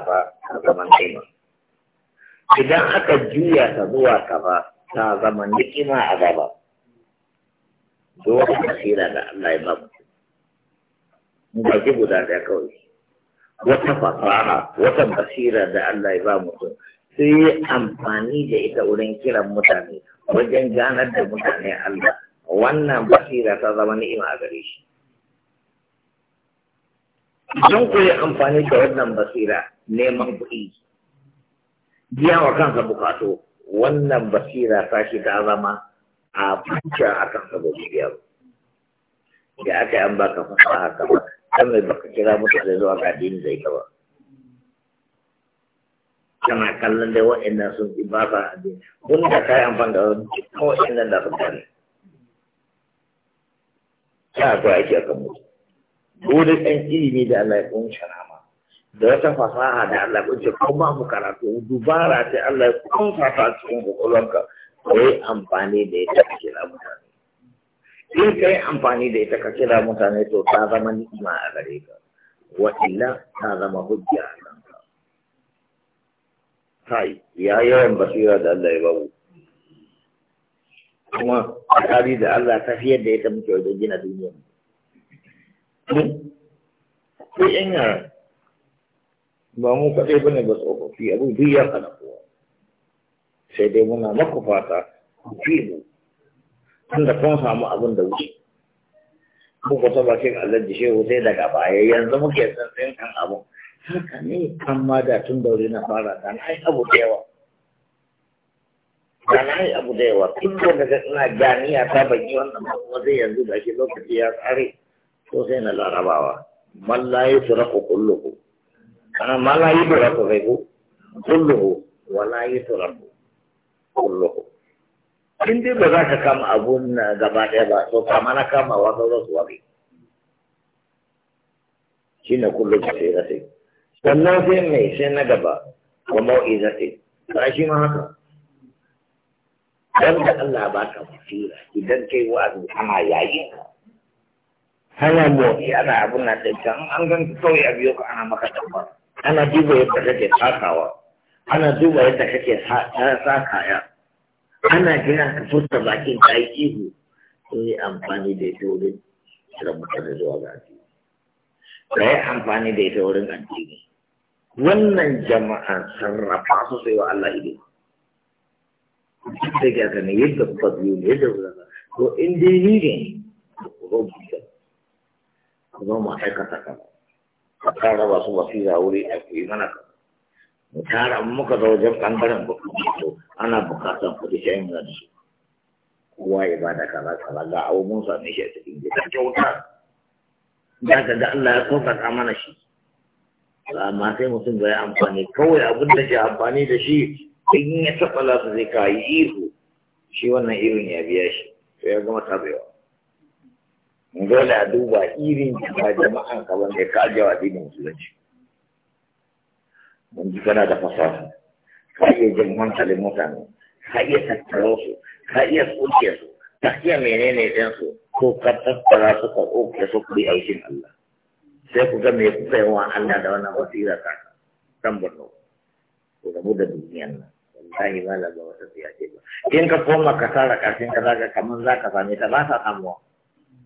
kaza ta zama ni'ima idan aka juya ta zuwa kaza ta zama ni'ima a gaba zuwa basira da Allah ya ba mu ba ji guda ɗaya kawai wata fasaha wata basira da Allah ya ba mutum sai amfani da ita wurin kiran mutane wajen ganar da mutane Allah wannan basira ta zama ni'ima a gare shi Zan ku yi amfani da wannan basira neman kuɗi biya wa kansa bukatu wannan basira ta shi ta zama a fuce a kan saboda biyar da aka yi an baka fasaha kama kan mai baka kira mutane zuwa ga dini zai kaba kana kallon dai wa'annan sun fi ba sa addini wani da ka yi amfani da wani wa'annan da sun gane ta akwai aiki a kan mutu dole ɗan ilimi da Allah ya kunshi rama da wata fasaha da Allah ya kunshi ko mu karatu dubara ta Allah ya kunsa ta cikin kwakwalwarka ka yi amfani da ita ka kira mutane in ka yi amfani da ita ka kira mutane to ta zama ni'ima a gare ka wa illa ta zama hujja a kanka kai ya yawan basira da Allah ya babu kuma a da Allah fiye da ita muke wajen gina duniyar mu sai yan yara ba mu kaɗai ba ne ba tsofaffi abu duk ya kana kowa sai dai muna maku fata ku fi mu tunda kun samu abin da wuce ko ku ta bakin da shehu sai daga baya yanzu muke tsantsin kan abu haka ne amma da tun da wuri na fara da na yi abu da yawa da na yi abu da yawa tun da daga ina ganiya ta ban yi wannan ba kuma zai yanzu da shi lokaci ya tsare ko sai na larabawa mallaye su raku kulluhu kana mallaye su raku sai ku kulluhu walaye su raku kulluhu in dai ba za ka kama abun na gaba ɗaya ba to ka na kama wa za su wabi shi ne kullum sai da sai sannan sai mai sai na gaba wa mau'izati ba shi ma haka dan da Allah ba ka fira idan kai wa'azi kana yayin ka hana motsi ana abin nan da can an gan kawai a biyo ka ana maka dabbar ana duba yadda kake sakawa ana duba yadda kake sa kaya ana jira ka furta bakin ka yi ihu to yi amfani da ita wurin kira mutane zuwa ga addini ka yi amfani da ita wurin addini wannan jama'a sarrafa su sai wa Allah ido duk da ga ne yadda kuka biyo ne yadda kuka ko in dai ni ne ko ba zo mu aikata ka tara wasu wasira wuri a yi mana mu tara muka zo wajen ɓangaren bukatu ana bukatan kuɗi sai yin gani su kowa ya bada kaza kaza ga abu mun sami shi a cikin gida kyauta za ta ga Allah ya sauƙaƙa mana shi amma sai mutum bai amfani kawai abin da ke amfani da shi in ya taɓa lasu zai kayi ihu shi wannan irin ya biya shi sai ya gama tabewa dole a duba irin jama'a jama'an ka wanda ka jawa dinin musulunci mun ji kana da fasaha ka iya jin hankalin mutane ka iya tattaro su ka iya tsoke su ka iya menene ɗin su ko ka tattara su ka tsoke su ku yi aikin Allah sai ku ga me kusa yi Allah da wannan wasira ka kan Borno ku rabu da duniyan nan wallahi malam ba wata tsiya ce ba in ka koma ka tara ƙarfin ka zaka kamar zaka same ta ba sa samuwa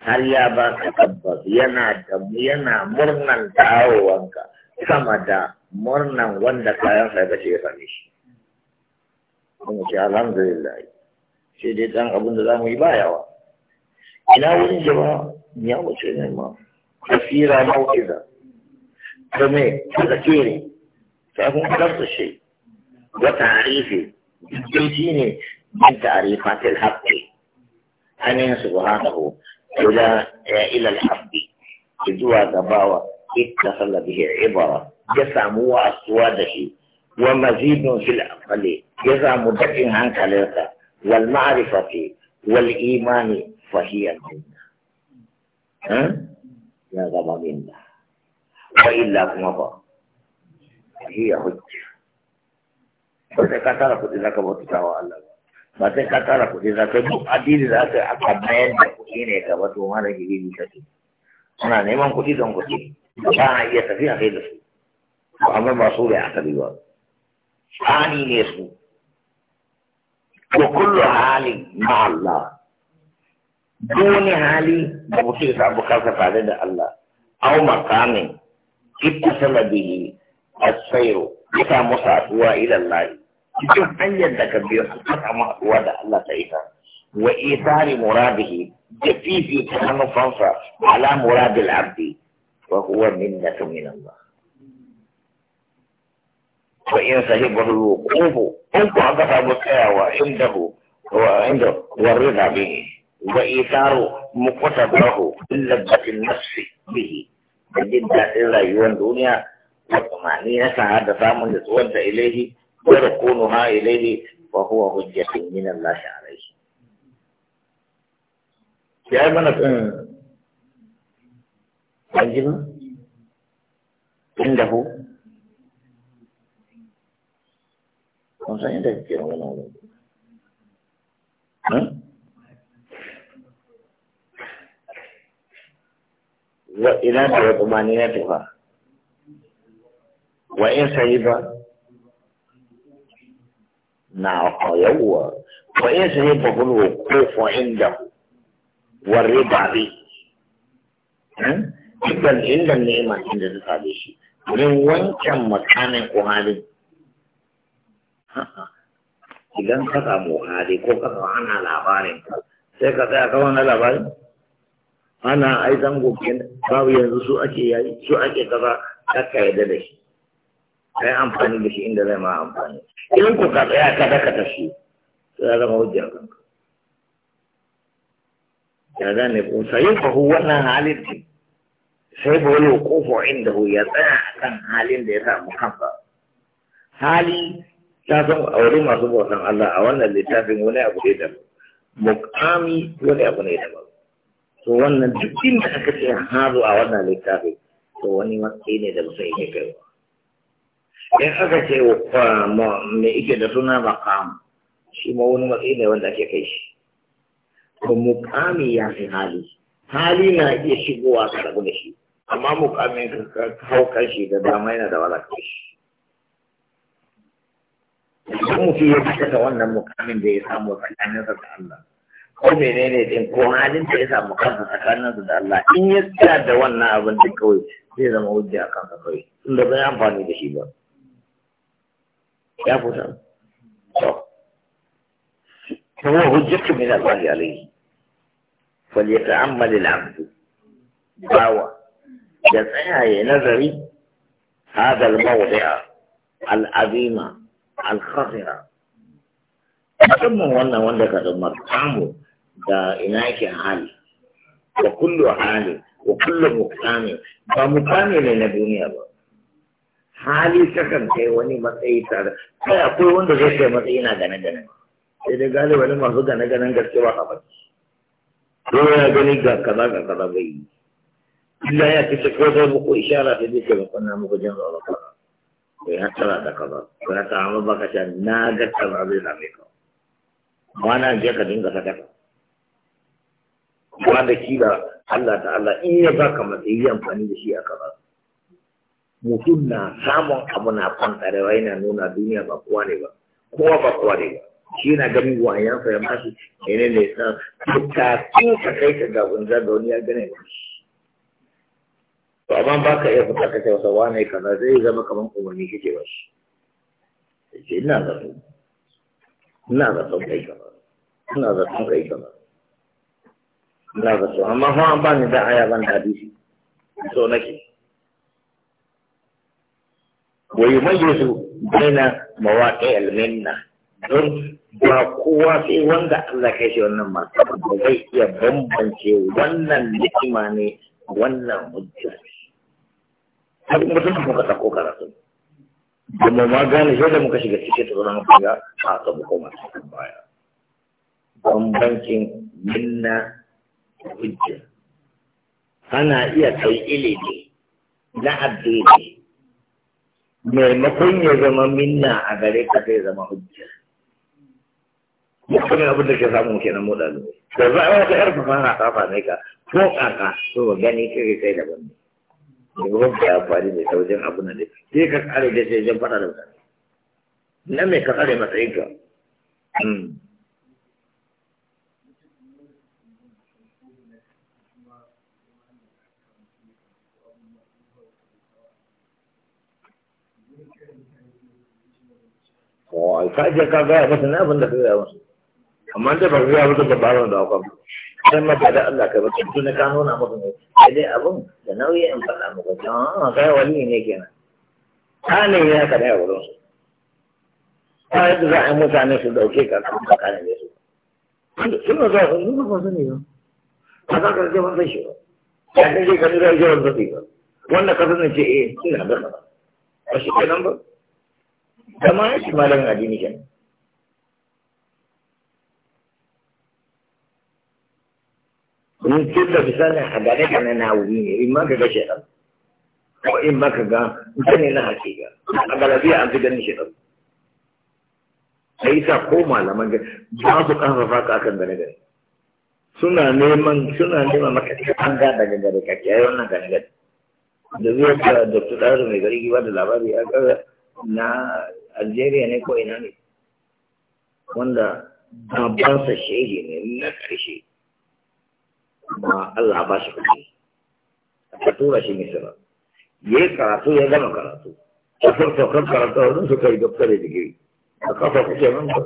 har ya ba ka tabbas yana yana murnan dawowanka sama da murnan wanda kayan sa kace ya same shi kuma ce alhamdulillah sai dai dan abin da zamu yi ba yawa ina wurin jama'a ya wuce ne ma kasira mau'iza da me da kire sai kun karanta shi wa ta'rifi dukkan shine min ta'rifatil haqqi anin subhanahu إلى إلى الحب إذوا دباوة اتصل به عبرة يسام وأسواده ومزيد في الأقل جسم دفن عن كلاسة والمعرفة والإيمان فهي الجنة ها؟ يا غضب الله وإلا كما هي حجة وتكاثرت إذا كبرت الله ba sai ka tara kuɗi za ka duk addini za ka aka bayar da kuɗi ne ga wato mara gidi ta ana neman kuɗi don kuɗi ba iya tafiya kai da su amma ba su da aka ba tsani ne su ko kullu hali na Allah duk hali da mutum ya samu kansa tare da Allah au makamin ittasala bihi as-sayru ya samu saduwa ila Allah cikin hanyar da ka biyo su kasa ma'uwa da Allah ta ita wa isari muradihi da fifita manufansa ala muradil abdi wa huwa minnatu min Allah fa in sahibahu al-wuquf in ku aka samu tsayawa indahu wa inda warida bihi wa isaru muqtabahu lillabatin nafsi bihi da jin daɗin rayuwar duniya da kuma ni na sa'ada samun da tsuwanta ilaihi ويكونها إليه وهو حجة من الله عليه يا من أنجم عنده كم سنة تذكر من أولاد وإذا وطمأنينتها وإن سيبا na ko yawa ko in sai ba ko fo inda warri ba bi hmm dan inda ne ma inda da sabe shi dan wancan makanin ko hali idan ka samu hali ko ka samu ana labarin ka sai ka ga ka wannan labarin ana aizan gobe babu yanzu su ake yayi su ake kaza ka kaida da shi yi amfani da shi inda zai ma amfani in ku ka tsaya ka daka ta shi ya zama hujjar kanka ya zane ko sai fa hu wannan halin ne sai ba wani kofo inda hu ya tsaya kan halin da ya samu kansa hali ta san wurin masu bautan Allah a wannan littafin wani abu ne da mukami wani abu ne da to wannan duk inda aka ce hazo a wannan littafin to wani matsayi ne da ba ne kai ba in aka ce mai ike da suna makam shi ma wani matsayi ne wanda ake kai shi to mukami ya fi hali hali na iya shigowa ka rabu da shi amma mukami ka hau kanshi da dama yana da wala kai shi idan mutum ya fita wannan mukamin da ya samu tsakaninsa da Allah ko menene din ko halin da ya samu kansa tsakanin da Allah in ya tsaya da wannan abin da kawai zai zama hujja a kansa kawai tunda bai amfani da shi ba ya fita to فهو حجة من الله عليه فليتأمل العبد باوى يسعي نظري هذا الموضع العظيم الخطر musamman wannan wanda ka zama samu da ina ake hali wa kullu hali wa kullu mukami ba mukami ne na duniya ba hali sakan kai wani matsayi tare kai akwai wanda zai kai matsayi na gane gane sai dai galiba ne masu gane ganen gaske ba haɓar dole ya gani ga kaza ga kaza bai yi illa ya fi cikin zai muku ishara ta zai kai makon muku jin zaune kaza ko ya tsara da kaza ko ya ta amma baka sha na ga kaza zai same ka ba na je ka dinga sadaka ba da kila Allah ta'ala in ya baka matsayi amfani da shi a kaza mutum na samun abu na fantarewa yana nuna duniya ba kowa ne ba kowa ba kowa ne ba shi na gani wayansa ya bashi ne ne sa tun ka kai ka ga gunza da wani ya gane ba to amma ba ka iya fita ka kyauta wane kaza zai zama kamar umarni kake ba shi ce ina su ina su kai kaza ina su kai kaza ina su amma fa an ba ni da aya ban da hadisi so nake ويميز بين مواقع المنة don ba kowa sai wanda Allah kai shi wannan masu ba zai iya bambance wannan ni'ima ne wannan hujja ne abin mutum da muka sako karatu da mu ma gane shi da muka shiga cikin tsoron muka a a sabu koma cikin baya bambancin minna hujja ana iya kai ilimi na addini maimakon ya zama minna a gare ka zai zama hujja mutum abin da ke samun kenan mu zuwa. da za a wata ƙarfafa fara kafa ne ka ko ƙaƙa to gani kai kai daban ne kuma ba ya faru da ta wajen na da sai ka ƙare da sai jan faɗa da mutane na mai ka ƙare ka. Wai, ka je ka gaya masa na abin da ka gaya masa. Amma da ba gaya masa dabarar da aka sai maka da Allah ka bata tuni ka nuna maka ne. Sai dai abin da nauyi in faɗa maka. Ah, kai wali ne kenan. Ka ne ya ka da wurin su. Ka yadda za a yi mutane su dauke ka kuma ka ne su. Suna za su yi ba su ne ba. Ba za ka rage ba sai shi ba. Ya kake ka nuna yawan zafi ba. Wanda ka sanin ce eh ina da ba. ba shi kenan ba zama ya shi malamin addini kenan in kin da misalin a gare ka na nawuri ne in ma ka ga shaidan ko in ma ka ga mutane na hakika a galabiya an fi ganin shaidan sai sa ko malaman ga ba su karfafa ka akan gane gane suna neman suna neman maka an ga daga gare ka kiyaye wannan gane gane da zuwa da dr ɗaro mai gari giba da labari ya kaga na algeria ne ko ina ne wanda babansa shehi ne na ƙarshe ma allah ba shi kuɗi a tura shi misira ya yi karatu ya gama karatu a farfakar karatu a wurin su kai doktor da digiri a kafa kuke nan ba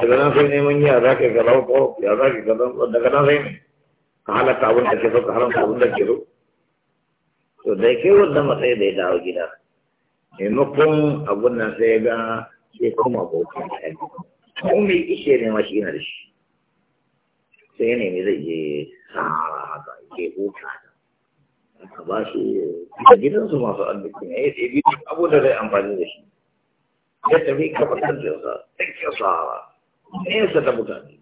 daga nan sai neman yi a za ka gaba ko ya za ka gaba daga nan sai ne ka halatta abin da ke so ka haramta abin da ke so to da ke wanda matsayi da ya dawo gida maimakon abun nan sai ya ga sai kuma abokan ɗaya kuma mai ishe ne ma shi yana da shi sai ne mai zai je sahara haka ke da aka ba shi a gidansu masu arziki ne ya biyu abun da zai amfani da shi ya tafi kafa kantinsa ɗanke sahara nesa ta mutane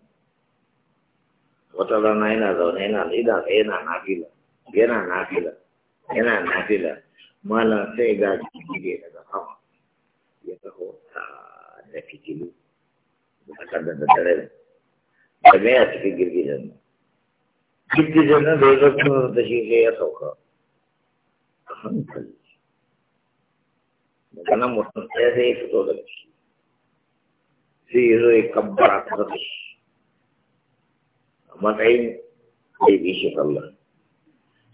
wata rana yana zaune yana yana yana nafila yana nafila yana nafila malam sai ga jiki daga sama ya taho ah, da fitilu a kada da dare da me ya cikin girgizan nan girgizan nan da ya zartuna da shi sai ya sauka a hankali daga nan mutum ɗaya ya fito da shi sai ya zo ya kabbara ta da shi a matsayin ɗaya bi shi kallon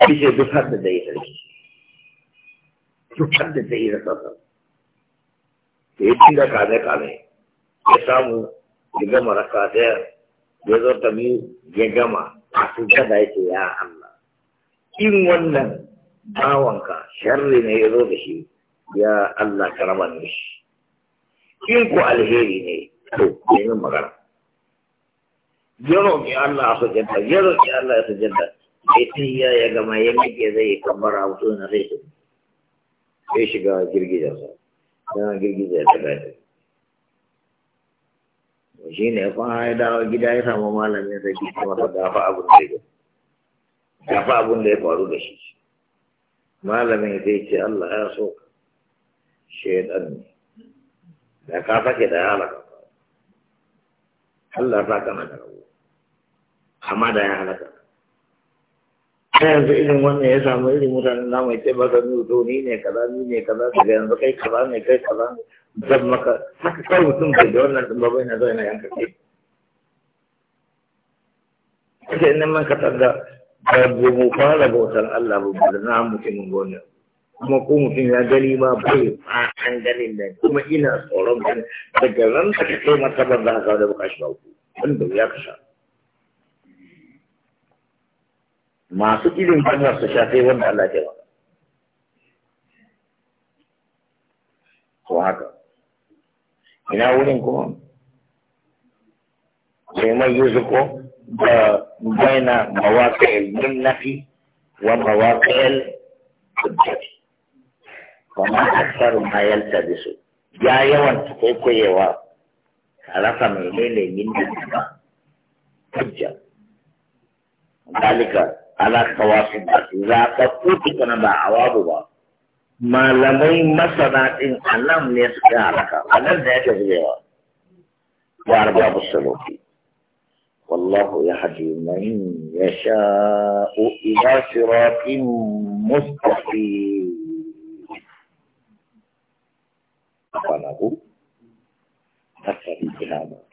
Kishe duk har da zai sarki. Duk har da zai rasa ya dinga kame-kame, ya samu ya gama raka ya zo ta ya gama, a sun ya Allah. In wannan bawanka sharri ne ya zo shi, ya Allah ka raba ku alheri ne, to, ya yi magana. Ya roƙi Allah a sujanta, ya Allah sai ya ya gama ya mike zai kambara wato na sai su sai shiga girgiza sa yana girgiza ya taga ta shi ne fa ya dawo gida ya samu malamin ya ki kuma ta dafa abun da ya dafa abun da ya faru da shi malamin zai ce Allah ya so ka shaidan ne da ka sake da ya halaka Allah ta kana da rabu amma da ya halaka ta yanzu irin wannan ya samu irin mutanen na mai ce baka ni to ni ne kaza ni ne kaza daga yanzu kai kaza ne kai kaza zan maka haka kawai mutum bai da wannan ɗin babai na zai na yanka kai kace ina man ka tada ba mu fara bautar Allah ba da na mutumin gonar kuma ko mutum ya gani ma bai an ganin nan kuma ina tsoron kan daga ran da ka kai mata ban za ka da bukashi ba ku wanda ya kasha masu irin wannan su shafe wanda Allah ke ba Ko haka ina wurin kuma sai mai yuzu ko da baina mawaƙi'il minnafi wa mawaƙi'il hujjati kuma aksaru ma yaltabisu ya yawan ta kwaikwayewa a rasa menene minnafi ba hujja ذلك ala tawafi ba za ka kuti kana ba awabu ba malamai masana din anan ne suka halaka wannan da yake zubewa ya rabu abu saloki wallahu ya haji mai ya sha o ila sirafin mustafi a kwanaku a tsarin kinama